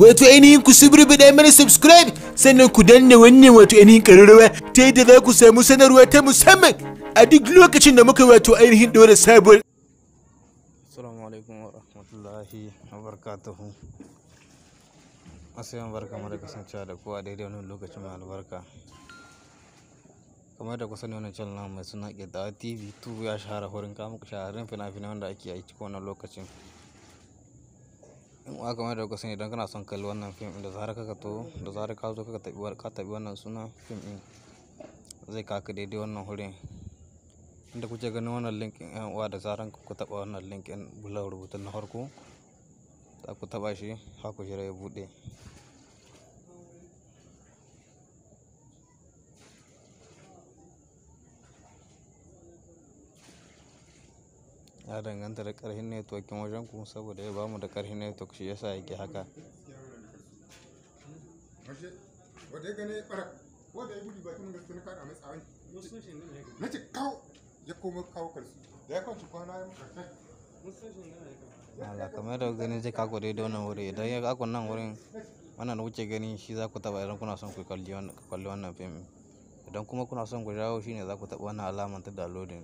wato ainihin ku subribiɗa mana subscribe sannan ku danna wannan wato ainihin ƙararrawa ta yadda za ku samu sanarwa ta musamman a duk lokacin da muka wato ainihin ɗora sabuwar assalamu alaikum wa rahmatullahi wa barakatuhu asiyan barka mu da kasancewa da kowa daidai wannan lokacin mai albarka kamar da kusan wannan channel mai suna ƙidawa tv 2 ya shahara horin kamuka shaharin fina-finai wanda ake aiki wannan lokacin a kamar da kuka sani idan kana son kalli wannan fim da zarar ka to da zarar ka zo ka tabi wannan suna fim din zai kaka daidai wannan hurin inda kuke ganin wannan link din yan uwa da zarar ku taba wannan link din bulan rubutun na farko za ku taba shi haku shi ya bude Ya danganta da karshen network wajen ku saboda ya bamu da karshen network shi yasa yake haka. Allah kamar da ganin zai kako daidai wannan wuri idan ya kako nan wurin wannan wuce gani shi za ku taba idan kuna son ku kalli wannan fim idan kuma kuna son ku jawo shine za ku taba wannan alamar ta downloading